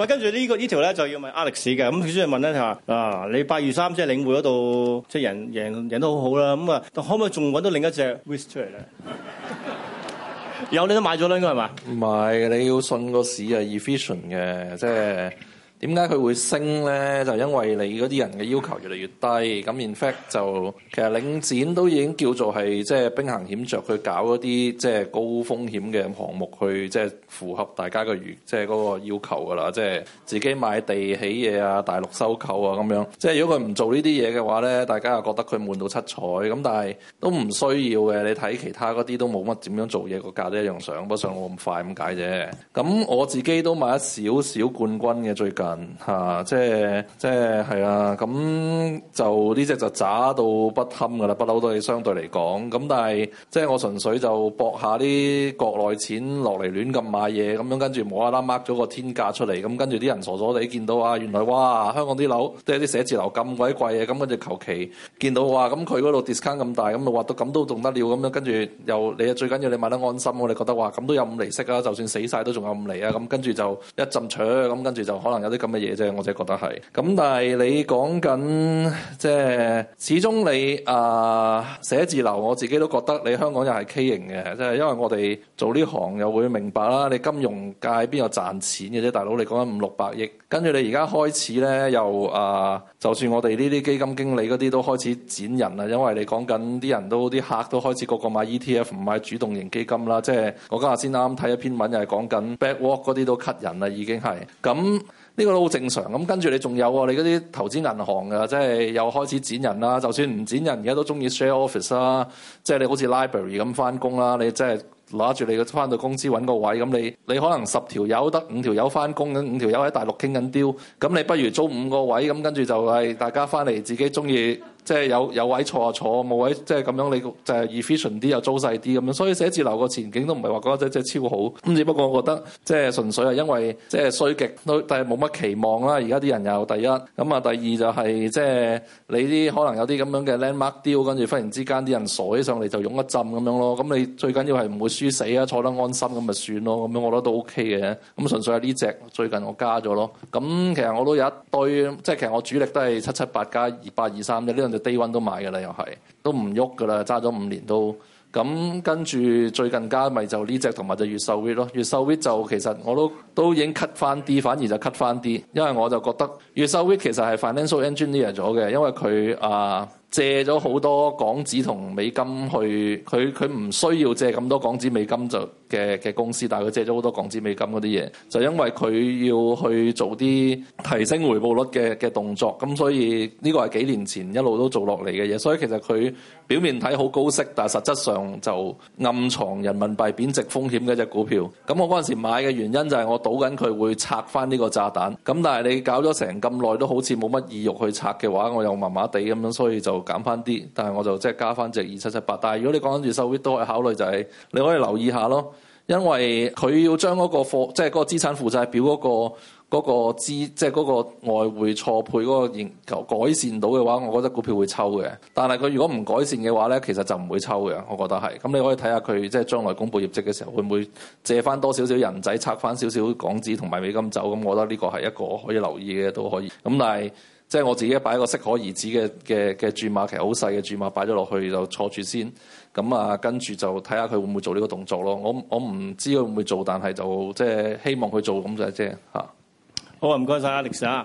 咁跟住、這個、呢個呢條咧就要問 Alex 嘅，咁佢先人問咧就話：啊，你八月三即係領匯嗰度即係贏贏贏得好好啦，咁啊，嗯、可唔可以仲揾到另一隻 whistle 出嚟咧？有你都買咗啦，應該係嘛？唔係，你要信個市啊，efficient 嘅，即係。點解佢會升咧？就因為你嗰啲人嘅要求越嚟越低，咁 in fact 就其實領展都已經叫做係即係兵行險著，去搞一啲即係高風險嘅項目去，去即係符合大家嘅越即係嗰個要求噶啦。即係自己買地起嘢啊，大陸收購啊咁樣。即係如果佢唔做呢啲嘢嘅話咧，大家又覺得佢悶到七彩。咁但係都唔需要嘅。你睇其他嗰啲都冇乜點樣做嘢，個價都一樣上不上我咁快咁解啫。咁我自己都買少少冠軍嘅最近。嚇、啊，即係即係係啊！咁就呢隻就渣到不堪噶啦，不嬲都係相對嚟講。咁但係即係我純粹就博下啲國內錢落嚟亂咁買嘢，咁樣跟住冇啦啦掹咗個天價出嚟，咁跟住啲人傻傻地見到啊，原來哇香港啲樓即係啲寫字樓咁鬼貴啊。咁跟住求其見到哇，咁佢嗰度 discount 咁大，咁話到咁都仲得了，咁樣跟住又你最緊要你買得安心，你覺得話咁都有五厘息啊，就算死晒都仲有五厘啊，咁跟住就一陣搶，咁跟住就可能有啲。咁嘅嘢啫，我真係覺得係。咁但係你講緊，即係始終你啊寫字樓，我自己都覺得你香港又係 K 型嘅，即係因為我哋做呢行又會明白啦。你金融界邊度賺錢嘅啫？大佬你講緊五六百億，跟住你而家開始咧又啊，就算我哋呢啲基金經理嗰啲都開始剪人啦，因為你講緊啲人都啲客都開始個個買 ETF，唔買主動型基金啦。即係我今日先啱啱睇一篇文，又係講緊 BackWalk 嗰啲都 cut 人啦，已經係咁。呢個都好正常，咁跟住你仲有啊，你嗰啲投資銀行啊，即係又開始剪人啦。就算唔剪人，而家都中意 share office 啦，即係你好似 library 咁翻工啦。你即係攞住你嘅翻到公司揾個位，咁你你可能十條友得五條友翻工，咁五條友喺大陸傾緊屌，咁你不如租五個位，咁跟住就係大家翻嚟自己中意。即係有有位坐啊坐，冇位即係咁樣你就係 efficient 啲又租細啲咁樣，所以寫字樓個前景都唔係話覺得即係超好。咁只不過我覺得即係純粹係因為即係衰極都，但係冇乜期望啦。而家啲人又第一，咁啊第二就係、是、即係你啲可能有啲咁樣嘅 land mark 雕，跟住忽然之間啲人傻起上嚟就湧一浸咁樣咯。咁你最緊要係唔會輸死啊，坐得安心咁咪算咯。咁樣我覺得都 OK 嘅。咁純粹係呢隻最近我加咗咯。咁其實我都有一堆，即係其實我主力都係七七八加二八二三嘅呢。2, 就低溫都買嘅啦，又係都唔喐嘅啦，揸咗五年都咁，跟住最近加咪就呢隻同埋就越秀 V 咯，越秀 V 就其實我都都已經 cut 翻啲，反而就 cut 翻啲，因為我就覺得越秀 V 其實係 financial engineer 咗嘅，因為佢啊。呃借咗好多港紙同美金去，佢佢唔需要借咁多港紙美金就嘅嘅公司，但係佢借咗好多港紙美金嗰啲嘢，就因為佢要去做啲提升回報率嘅嘅動作，咁所以呢個係幾年前一路都做落嚟嘅嘢，所以其實佢表面睇好高息，但係實質上就暗藏人民幣貶值風險嘅一隻股票。咁我嗰陣時買嘅原因就係我賭緊佢會拆返呢個炸彈，咁但係你搞咗成咁耐都好似冇乜意欲去拆嘅話，我又麻麻地咁樣，所以就。減翻啲，但係我就即係加翻隻二七七八。但係如果你講緊住收益，都係考慮就係、是、你可以留意下咯，因為佢要將嗰個貨，即係嗰個資產負債表嗰、嗰個嗰、嗰個資，即係嗰個外匯錯配嗰個，營求改善到嘅話，我覺得股票會抽嘅。但係佢如果唔改善嘅話咧，其實就唔會抽嘅。我覺得係。咁你可以睇下佢即係將來公布業績嘅時候，會唔會借翻多少少人仔，拆翻少少港紙同埋美金走。咁我覺得呢個係一個可以留意嘅，都可以。咁但係。即係我自己擺一個適可而止嘅嘅嘅注碼，其實好細嘅注碼擺咗落去就坐住先。咁啊，跟住就睇下佢會唔會做呢個動作咯。我我唔知佢會唔會做，但係就即係、就是、希望佢做咁就啫嚇。好啊，唔該晒啊，Alex。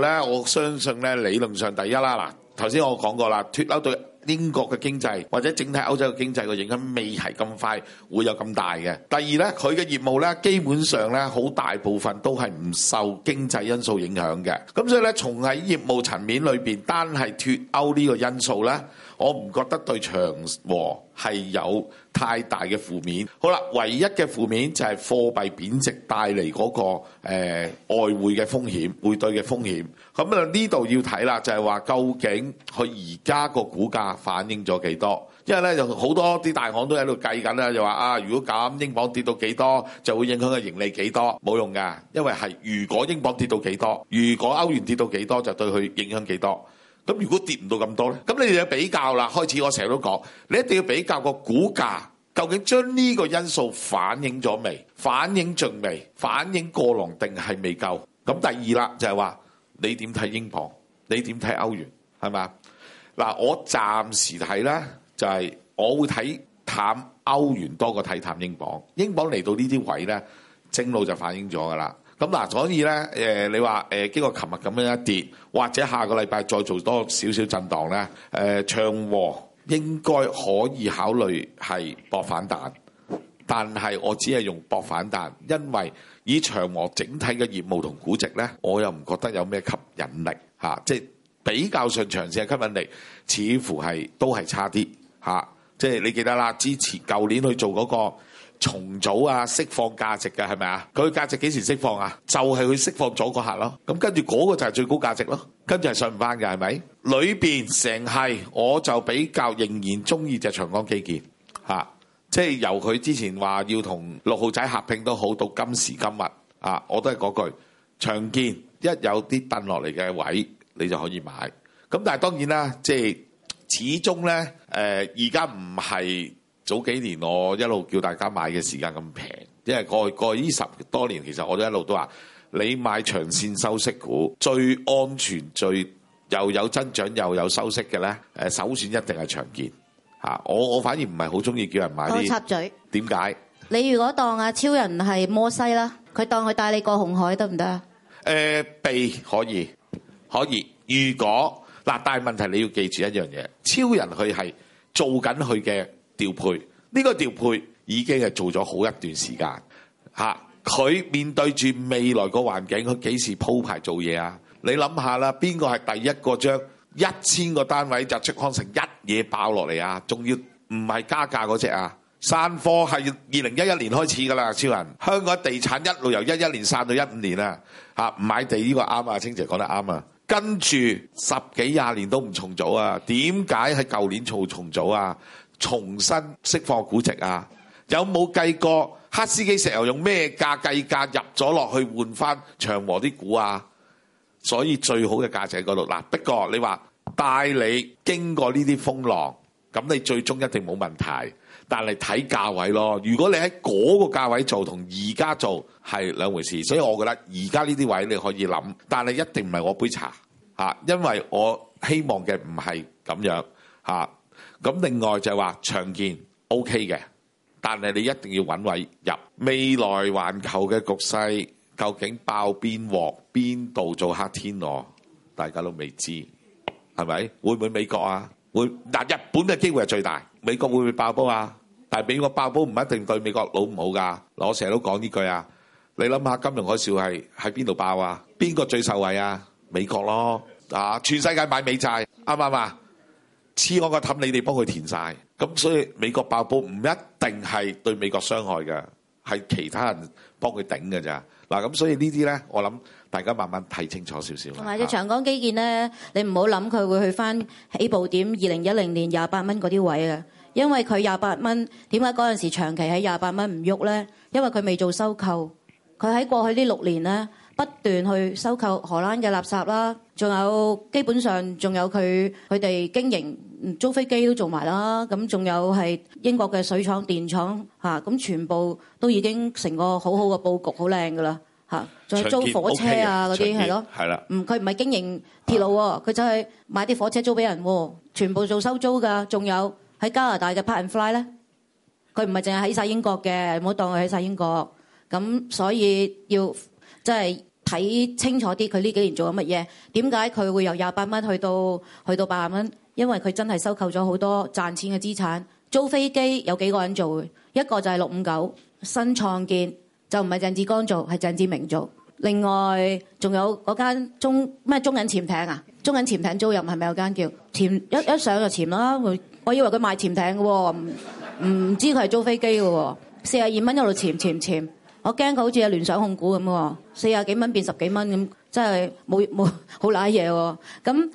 咧我相信咧理論上第一啦，嗱，頭先我講過啦，脱歐對英國嘅經濟或者整體歐洲嘅經濟嘅影響未係咁快會有咁大嘅。第二咧，佢嘅業務咧基本上咧好大部分都係唔受經濟因素影響嘅。咁所以咧，從喺業務層面裏邊，單係脱歐呢個因素咧，我唔覺得對長和係有太大嘅負面。好啦，唯一嘅負面就係貨幣貶值帶嚟嗰個、呃、外匯嘅風險，匯兌嘅風險。咁啊呢度要睇啦，就係話究竟佢而家個股價反映咗幾多？因為咧就好多啲大行都喺度計緊啦，就話啊，如果咁英鎊跌到幾多，就會影響佢盈利幾多？冇用㗎，因為係如果英鎊跌到幾多，如果歐元跌到幾多，就對佢影響幾多。咁如果跌唔到咁多咧，咁你哋要比較啦。開始我成日都講，你一定要比較個股價究竟將呢個因素反映咗未？反映盡未？反映過龍定係未夠？咁第二啦，就係話你點睇英鎊？你點睇歐元？係嘛？嗱，我暫時睇咧，就係我會睇淡歐元多過睇淡英鎊。英鎊嚟到呢啲位咧，正路就反映咗㗎啦。咁嗱、嗯，所以咧，誒、呃、你話誒、呃、經過琴日咁樣一跌，或者下個禮拜再做多少少震盪咧，誒、呃、長和應該可以考慮係博反彈，但係我只係用博反彈，因為以長和整體嘅業務同估值咧，我又唔覺得有咩吸引力嚇、啊，即係比較上長線嘅吸引力似乎係都係差啲嚇、啊，即係你記得啦，之前舊年去做嗰、那個。重組啊，釋放價值嘅係咪啊？佢價值幾時釋放啊？就係佢釋放咗個客咯。咁跟住嗰個就係最高價值咯。跟住係上唔翻嘅係咪？裏邊成係，我就比較仍然中意隻長江基建嚇，即係由佢之前話要同六號仔合併都好，到今時今日啊，我都係嗰句長建一有啲凳落嚟嘅位，你就可以買。咁但係當然啦，即係始終呢誒，而家唔係。早幾年我一路叫大家買嘅時間咁平，因為過去過呢十多年，其實我都一路都話你買長線收息股最安全、最又有增長又有收息嘅呢，誒，首選一定係長建嚇。我我反而唔係好中意叫人買啲插嘴。點解？你如果當阿超人係摩西啦，佢當佢帶你過紅海得唔得啊？誒，避、呃、可以可以，可以。如果嗱，但係問題你要記住一樣嘢，超人佢係做緊佢嘅調配呢、這個調配已經係做咗好一段時間嚇。佢、啊、面對住未來個環境，佢幾時鋪排做嘢啊？你諗下啦，邊個係第一個將一千個單位就出康城一嘢爆落嚟啊？仲要唔係加價嗰隻啊？散貨係二零一一年開始㗎喇，超人香港地產一路由一一年散到一五年啊唔、啊、買地呢個啱啊，青姐講得啱啊。跟住十幾廿年都唔重組啊？點解喺舊年做重組啊？重新釋放估值啊！有冇計過赫斯基石油用咩價計價入咗落去換翻長和啲股啊？所以最好嘅價值喺嗰度嗱。不過你話帶你經過呢啲風浪，咁你最終一定冇問題，但係睇價位咯。如果你喺嗰個價位做，做，同而家做係兩回事。所以我覺得而家呢啲位你可以諗，但係一定唔係我杯茶吓、啊，因為我希望嘅唔係咁樣吓。啊咁另外就係話長見 O K 嘅，但係你一定要揾位入。未來環球嘅局勢究竟爆邊鑊，邊度做黑天鵝，大家都未知，係咪？會唔會美國啊？會嗱，日本嘅機會係最大。美國會唔會爆煲啊？但係美國爆煲唔一定對美國佬唔好噶。我成日都講呢句啊。你諗下金融海嘯係喺邊度爆啊？邊個最受惠啊？美國咯啊！全世界買美債，啱唔啱啊？黐我個氹，你哋幫佢填晒，咁所以美國爆煲唔一定係對美國傷害嘅，係其他人幫佢頂嘅咋嗱，咁所以呢啲咧，我諗大家慢慢睇清楚少少。同埋隻長江基建咧，你唔好諗佢會去返起步點二零一零年廿八蚊嗰啲位啊，因為佢廿八蚊點解嗰陣時長期喺廿八蚊唔喐咧？因為佢未做收購，佢喺過去呢六年咧不斷去收購荷蘭嘅垃圾啦，仲有基本上仲有佢佢哋經營。租飛機都做埋啦，咁仲有係英國嘅水廠、電廠嚇，咁、啊、全部都已經成個好好嘅佈局，好靚噶啦嚇，仲、啊、係租火車啊嗰啲係咯，係啦見，唔佢唔係經營鐵路喎，佢的就係買啲火車租俾人、啊，全部做收租噶。仲有喺加拿大嘅 Park'N Fly 咧，佢唔係淨係喺晒英國嘅，唔好當佢喺晒英國。咁所以要即係睇清楚啲，佢呢幾年做咗乜嘢？點解佢會由廿八蚊去到去到八十蚊？因為佢真係收購咗好多賺錢嘅資產，租飛機有幾個人做？一個就係六五九新創建，就唔係鄭志剛做，係鄭志明做。另外仲有嗰間中咩中銀潛艇啊？中銀潛艇租賃係咪有間叫潛一,一上就潛啦？我以為佢賣潛艇嘅喎，唔唔知佢係租飛機嘅喎。四十二蚊一路潛潛潛，我驚佢好似有聯想控股咁喎。四十幾蚊變十幾蚊咁，真係冇冇好乸嘢喎。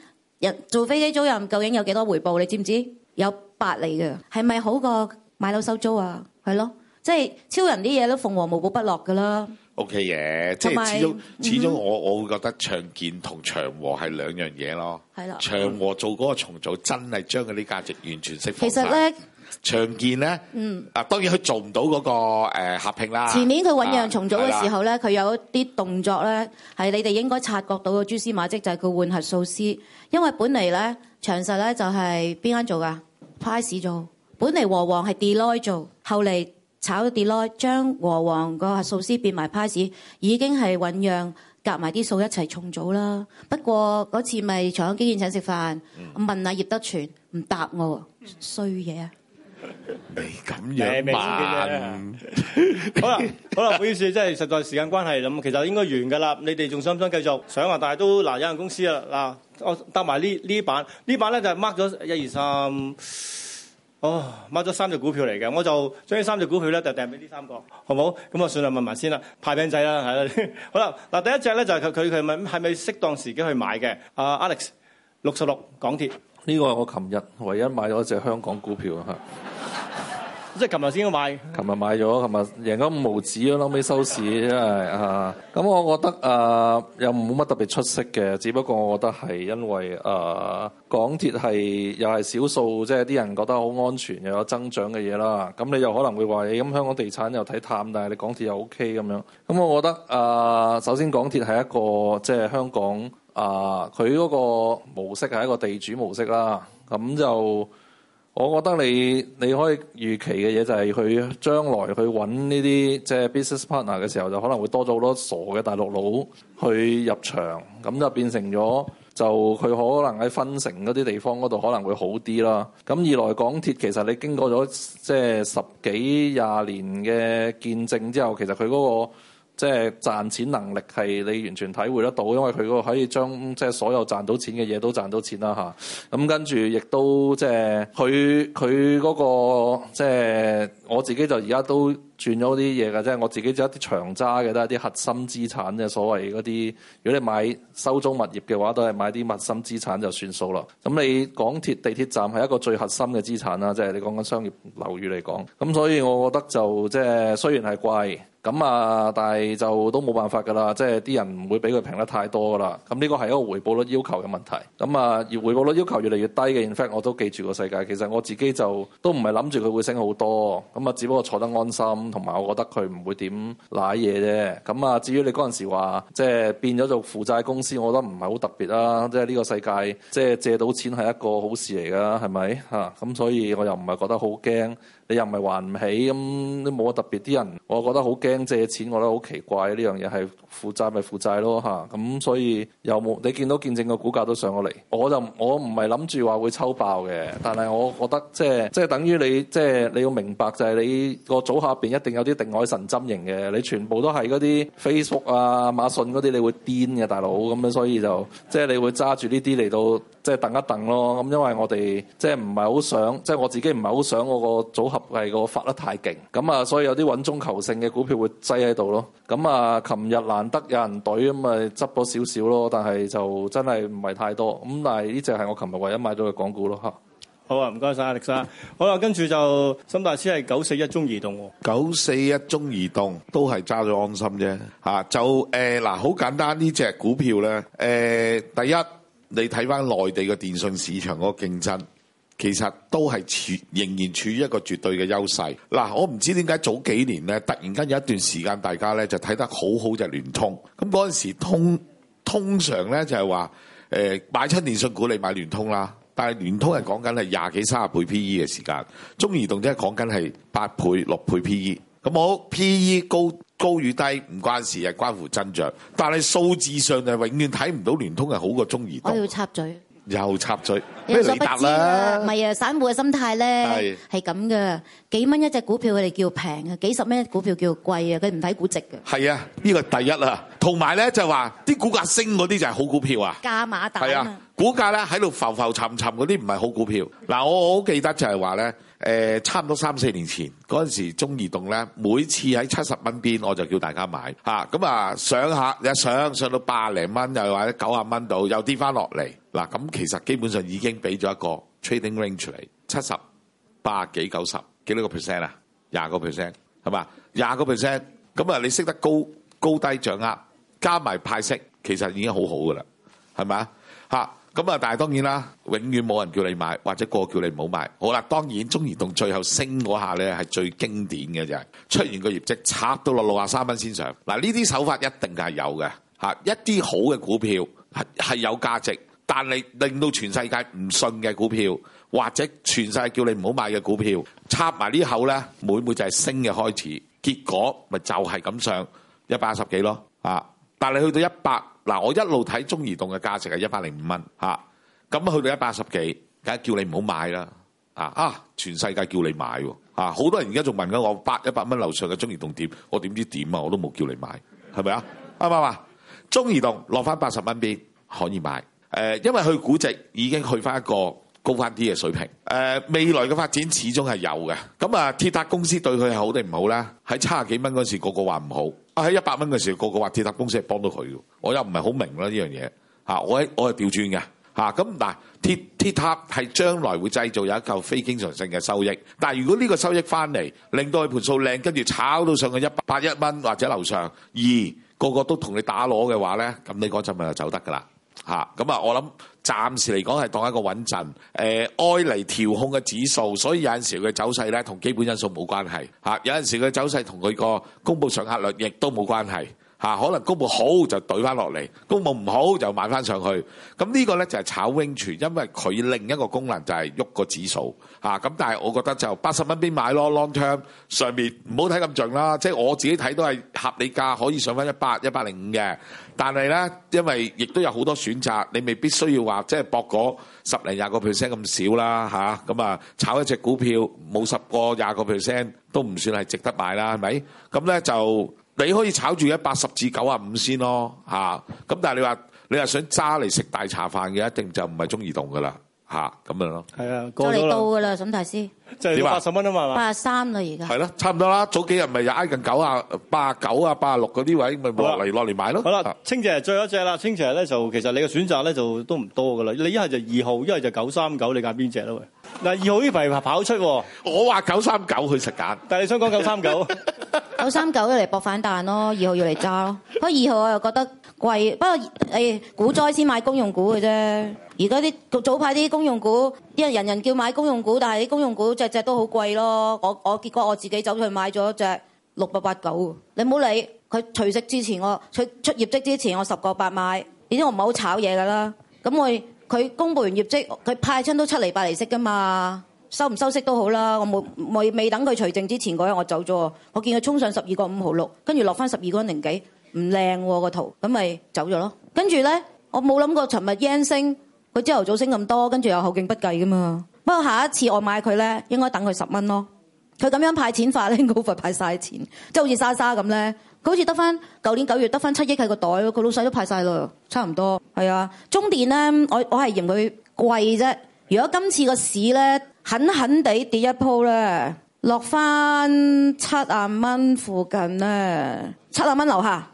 做飛機租人究竟有幾多回報？你知唔知？有八厘嘅，係咪好過買樓收租啊？係咯，即係超人啲嘢都鳳凰無寶不落嘅啦。O K 嘢，即係始終始終我我會覺得長建同長和係兩樣嘢咯。係啦的，長和做嗰個重組真係將嗰啲價值完全釋放曬。其實呢。長建咧，啊、嗯、當然佢做唔到嗰、那個、呃、合併啦。前面佢醞釀重組嘅時候咧，佢、啊、有啲動作咧，係你哋應該察覺到嘅蛛絲馬跡，就係、是、佢換核數師。因為本嚟咧長實咧就係邊間做噶？Pays 做，本嚟和黃係 Deloitte 做，後嚟炒咗 Deloitte 將和黃個核數師變埋 Pays，已經係醞釀夾埋啲數一齊重組啦。不過嗰次咪財經記者請食飯、嗯、問啊葉德全，唔答我，衰嘢啊！你咁樣慢， 好啦，好啦，唔好意思，即係實在時間關係咁，其實應該完噶啦。你哋仲想唔想繼續？想啊，但係都嗱、呃，有間公司啊嗱、呃，我搭埋呢呢版呢版咧就 mark 咗一二三，哦，mark 咗三隻股票嚟嘅，我就將呢三隻股票咧就掟俾呢三個，好唔好？咁我算啦，問埋先啦，派餅仔啦，係啦， 好啦，嗱第一隻咧就係佢佢佢係咪適當時機去買嘅？阿、啊、Alex 六十六港鐵呢個係我琴日唯一買咗隻香港股票啊吓。即係琴日先買，琴日買咗，琴日贏咗五毫紙，咁後尾收市真係 啊！咁我覺得啊，又冇乜特別出色嘅，只不過我覺得係因為啊，港鐵係又係少數，即係啲人覺得好安全又有增長嘅嘢啦。咁你又可能會話你咁香港地產又睇淡，但係你港鐵又 OK 咁樣。咁我覺得啊，首先港鐵係一個即係、就是、香港啊，佢嗰個模式係一個地主模式啦。咁就。我覺得你你可以預期嘅嘢就係佢將來去揾呢啲即係 business partner 嘅時候，就可能會多咗好多傻嘅大陸佬去入場，咁就變成咗就佢可能喺分成嗰啲地方嗰度可能會好啲啦。咁二來港鐵，港鐵其實你經過咗即係十幾廿年嘅見證之後，其實佢嗰個即係賺錢能力係你完全體會得到，因為佢嗰個可以將即係所有賺到錢嘅嘢都賺到錢啦吓，咁跟住亦都即係佢佢嗰個即係、就是、我自己就而家都轉咗啲嘢㗎，即、就、係、是、我自己有一啲長揸嘅都係啲核心資產嘅所謂嗰啲，如果你買收租物業嘅話，都係買啲核心資產就算數啦。咁你港鐵地鐵站係一個最核心嘅資產啦，即、就、係、是、你講緊商業樓宇嚟講。咁所以我覺得就即係雖然係貴。咁啊，但係就都冇辦法㗎啦，即係啲人唔會俾佢平得太多㗎啦。咁呢個係一個回報率要求嘅問題。咁啊，而回報率要求越嚟越低嘅 in fact 我都記住個世界，其實我自己就都唔係諗住佢會升好多。咁啊，只不過坐得安心，同埋我覺得佢唔會點舐嘢啫。咁啊，至於你嗰陣時話即係變咗做負債公司，我覺得唔係好特別啦。即係呢個世界，即係借到錢係一個好事嚟㗎，係咪吓？咁啊，所以我又唔係覺得好驚。你又唔係還唔起咁，嗯、都冇乜特別。啲人，我覺得好驚借錢，我覺得好奇怪，呢樣嘢係負債咪負債咯吓。咁，嗯、所以又冇你見到見證個股價都上咗嚟，我就我唔係諗住話會抽爆嘅，但係我覺得即係即係等於你即係你要明白就係你個組合邊一定有啲定海神針型嘅，你全部都係嗰啲 Facebook 啊，馬信嗰啲，你會癲嘅大佬咁樣，所以就即係你會揸住呢啲嚟到。即係等一等咯，咁因為我哋即係唔係好想，即係我自己唔係好想我個組合係個發得太勁，咁啊，所以有啲穩中求勝嘅股票會擠喺度咯。咁啊，琴日難得有人隊，咁啊，執咗少少咯，但係就真係唔係太多。咁但係呢隻係我琴日唯一買到嘅港股咯，嚇。好啊，唔該晒啊，力生。好啦，跟住就沈大師係九四一中移動喎。九四一中移動都係揸咗安心啫，嚇。就誒嗱，好簡單呢隻股票咧，誒第一。你睇翻內地嘅電信市場嗰個競爭，其實都係處仍然處於一個絕對嘅優勢。嗱，我唔知點解早幾年咧，突然間有一段時間大家咧就睇得好好就係聯通。咁嗰陣時通通常咧就係話，誒買出電信股你買聯通啦。但係聯通係講緊係廿幾三十倍 P E 嘅時間，中移動即係講緊係八倍六倍 P E。咁我 P E 高。高與低唔關事，係關乎增長。但係數字上就永遠睇唔到聯通係好過中移。我哋都要插嘴。又插嘴，咩嚟？答啦，唔係啊，散戶嘅心態咧，係係咁噶。幾蚊一隻股票，佢哋叫平啊；幾十蚊一隻股票叫貴啊。佢唔睇估值嘅。係啊，呢個第一啦。同埋咧就話啲股價升嗰啲就係好股票啊，加碼大。係啊，股價咧喺度浮浮沉沉嗰啲唔係好股票。嗱，我我好記得就係話咧，誒，差唔多三四年前嗰陣時，中移動咧，每次喺七十蚊邊我就叫大家買吓。咁啊，上下一上上到百零蚊，又或者九啊蚊度，又跌翻落嚟。嗱，咁其實基本上已經俾咗一個 trading range 出嚟，七十八幾九十，幾多個 percent 啊？廿個 percent 係嘛？廿個 percent，咁啊，你識得高高低掌握。加埋派息，其實已經好好噶啦，係咪啊？咁啊，但係當然啦，永遠冇人叫你買，或者個叫你唔好買。好啦，當然中移動最後升嗰下呢係最經典嘅就係出完個業績，插到落六啊三蚊先上。嗱、啊，呢啲手法一定係有嘅嚇、啊。一啲好嘅股票係係有價值，但係令到全世界唔信嘅股票，或者全世界叫你唔好買嘅股票，插埋呢口呢，每每就係升嘅開始。結果咪就係咁上一百一十幾咯啊！但係你去到一百，嗱，我一路睇中移動嘅價值係一百零五蚊嚇，咁去到一百八十幾，梗係叫你唔好買啦，啊啊！全世界叫你買喎，啊，好多人而家仲問緊我，百一百蚊樓上嘅中移動點？我點知點啊？我都冇叫你買，係咪啊？啱唔啱啊？中移動落翻八十蚊邊可以買？誒、呃，因為佢估值已經去翻一個高翻啲嘅水平。誒、呃，未來嘅發展始終係有嘅。咁、呃、啊，鐵塔公司對佢係好定唔好咧？喺七十幾蚊嗰時，個個話唔好。我喺一百蚊嘅時候，個個話鐵塔公司係幫到佢嘅，我又唔係好明啦呢樣嘢吓，我我係調轉嘅吓，咁但係鐵鐵塔係將來會製造有一嚿非經常性嘅收益，但係如果呢個收益翻嚟，令到佢盤數靚，跟住炒到上去一百一蚊或者樓上二，個個都同你打攞嘅話咧，咁你嗰陣咪就走得噶啦。吓，啊、嗯，我諗暫時嚟講係當一個穩陣，誒、呃，哀嚟調控嘅指數，所以有陣時佢嘅走勢呢，同基本因素冇關係，吓、嗯，有陣時嘅走勢同佢個公布上壓率亦都冇關係。嚇、啊，可能公布好就懟翻落嚟，公布唔好就買翻上去。咁呢個呢，就係、是、炒永傳，因為佢另一個功能就係喐個指數嚇。咁、啊、但係我覺得就八十蚊邊買咯，long term 上面唔好睇咁盡啦。即、就、係、是、我自己睇都係合理價可以上翻一百一百零五嘅。但係呢，因為亦都有好多選擇，你未必需要話即係博嗰十零廿個 percent 咁少啦嚇。咁啊，啊，炒一隻股票冇十個廿個 percent 都唔算係值得買啦，係咪？咁呢就。你可以炒住一八十至九啊五先咯，嚇！咁但係你話你話想揸嚟食大茶飯嘅，一定就唔係中移動噶啦，嚇！咁樣咯。係啊，過嚟到噶啦，沈大師。即係你話八十蚊啊嘛，八十三啦而家。係咯，差唔多啦。早幾日咪就挨近九啊八啊九啊八啊六嗰啲位，咪落嚟落嚟買咯。好啦，青姐最後一隻啦，青姐咧就其實你嘅選擇咧就都唔多噶啦。你一係就二號，39, 一係就九三九，你揀邊隻咯？喂嗱，二號呢排跑出，我話九三九去食蛋，但係你想講九三九？九三九要嚟搏反彈咯，二號要嚟揸咯。 不過二號我又覺得貴，不過誒，股災先買公用股嘅啫。而家啲早派啲公用股，啲人人人叫買公用股，但係啲公用股隻只都好貴咯。我我結果我自己走咗去買咗隻六百八九，你唔好理佢除息之前我，佢出業績之前我十個八買，已經我唔好炒嘢，噶啦，咁我。佢公布完業績，佢派親都七釐八釐息噶嘛，收唔收息都好啦。我冇未未等佢除證之前嗰日我走咗。我見佢衝上十二個五毫六，跟住落返十二個零幾，唔靚喎個圖，咁咪走咗咯。跟住呢，我冇諗過尋日 yen 升，佢朝頭早升咁多，跟住又後勁不繼噶嘛。不過下一次我買佢呢，應該等佢十蚊咯。佢咁樣派錢法咧，我份派曬錢，即像沙沙好似莎莎咁咧，佢好似得翻舊年九月得翻七億喺個袋咯，佢老細都派曬咯，差唔多。係啊，中電呢，我我係嫌佢貴啫。如果今次個市呢，狠狠地跌一鋪呢，落翻七啊蚊附近咧，七啊蚊樓下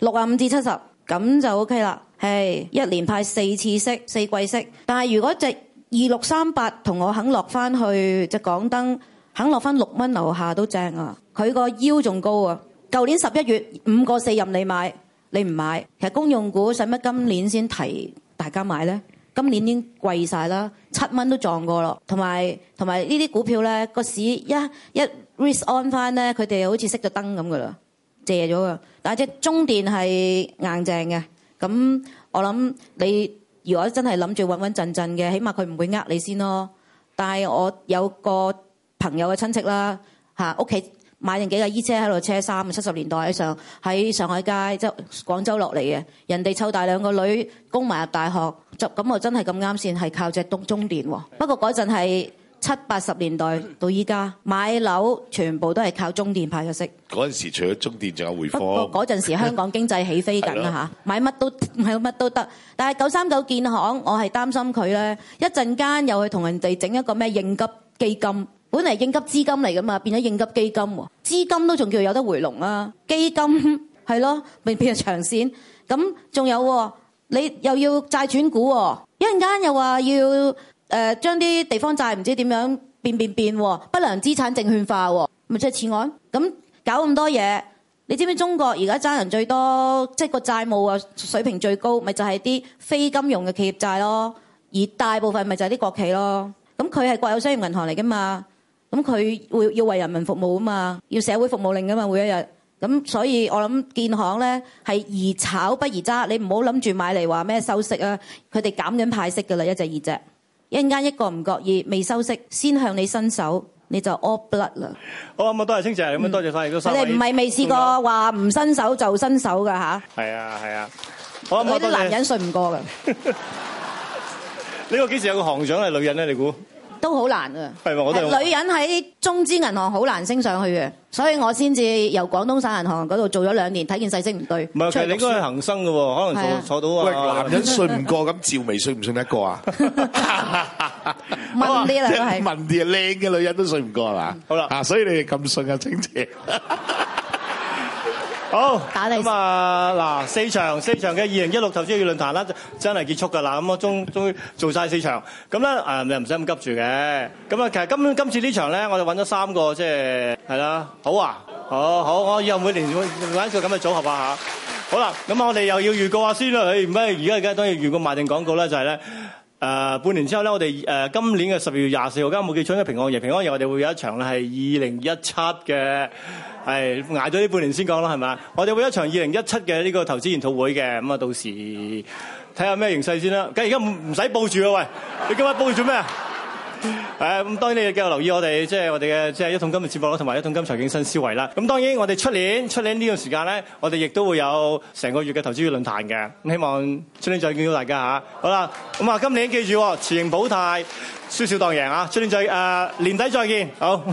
六啊五至七十咁就 OK 啦。係一年派四次息，四季息。但係如果隻二六三八同我肯落返去，隻港燈。肯落翻六蚊樓下都正啊！佢個 Yield 仲高啊！舊年十一月五個四任你買，你唔買。其實公用股使乜今年先提大家買咧？今年已經貴晒啦，七蚊都撞過咯。同埋同埋呢啲股票咧，個市一一 risk on 翻咧，佢哋好似熄咗燈咁噶啦，借咗啊！但係隻中電係硬淨嘅，咁我諗你如果真係諗住穩穩陣陣嘅，起碼佢唔會呃你先咯。但係我有個。朋友嘅親戚啦嚇，屋企買定幾架衣車喺度車衫。七十年代喺上喺上海街，即廣州落嚟嘅人哋湊大兩個女，供埋入大學，就咁我真係咁啱先係靠隻東中電喎。不過嗰陣係七八十年代到依家買樓，全部都係靠中電派嘅息。嗰陣時除咗中電仲有匯豐。不過嗰陣時香港經濟起飛緊啦嚇，買乜都買乜都得。但係九三九建行，我係擔心佢咧一陣間又去同人哋整一個咩應急基金。本嚟應急資金嚟噶嘛，變咗應急基金喎，資金都仲叫做有得回籠啦，基金係咯，咪變咗長線。咁仲有喎，你又要債轉股喎，一陣間又話要誒將啲地方債唔知點樣變變變喎，不良資產證券化喎，咪即係次按。咁搞咁多嘢，你知唔知中國而家欠人最多，即係個債務水平最高，咪就係、是、啲非金融嘅企業債咯，而大部分咪就係啲國企咯。咁佢係國有商業銀行嚟噶嘛？咁佢會要為人民服務啊嘛，要社會服務令啊嘛，每一日。咁所以我諗建行咧係宜炒不宜揸，你唔好諗住買嚟話咩收息啊，佢哋減緊派息噶啦，一隻二隻，一間一個唔覺意未收息，先向你伸手，你就 all blood 啦。好咁啊、嗯，多謝清姐，咁、嗯、樣多謝晒，你都收。佢哋唔係未試過話唔伸手就伸手噶吓？係啊係啊，啊。好啊，好多男人信唔過噶。呢個幾時有個行長係女人咧？你估？都好難啊！係嘛，我哋女人喺中資銀行好難升上去嘅，所以我先至由廣東省銀行嗰度做咗兩年，睇見細升唔對。唔係，你應該係恒生嘅喎，可能坐坐到啊！男人信唔過，咁趙薇信唔信得過啊？問啲啦，都係問啲啊，靚嘅女人都信唔過係嘛？好啦，啊，所以你哋咁信啊，青姐。好，打咁啊嗱，四場四場嘅二零一六投資月論壇啦，真係結束㗎啦。咁我終終於做晒四場，咁咧誒又唔使咁急住嘅。咁啊，其實今今次場呢場咧，我哋揾咗三個，即係係啦。好啊，好好，好，我以後每年會揾一個咁嘅組合啊嚇。好啦，咁啊，我哋又要預告下先啦。誒、哎，唔係而家而家當然預告賣定廣告啦，就係咧誒半年之後咧，我哋誒、呃、今年嘅十二月廿四號，今日冇記錯咧，平安夜。平安夜我哋會有一場咧，係二零一七嘅。係捱咗呢半年先講啦，係咪？我哋會一場二零一七嘅呢個投資研討會嘅，咁啊到時睇下咩形勢先啦。咁而家唔使報住啊，喂！你今日報住做咩啊？誒，咁當然你要繼續留意我哋，即係我哋嘅即係一桶金嘅節目啦，同埋一桶金財經新思維啦。咁當然我哋出年出年呢段時間咧，我哋亦都會有成個月嘅投資論壇嘅。咁希望出年再見到大家嚇、啊。好啦，咁啊今年記住，持盈保泰，少少當贏啊！出年再誒、呃、年底再見，好。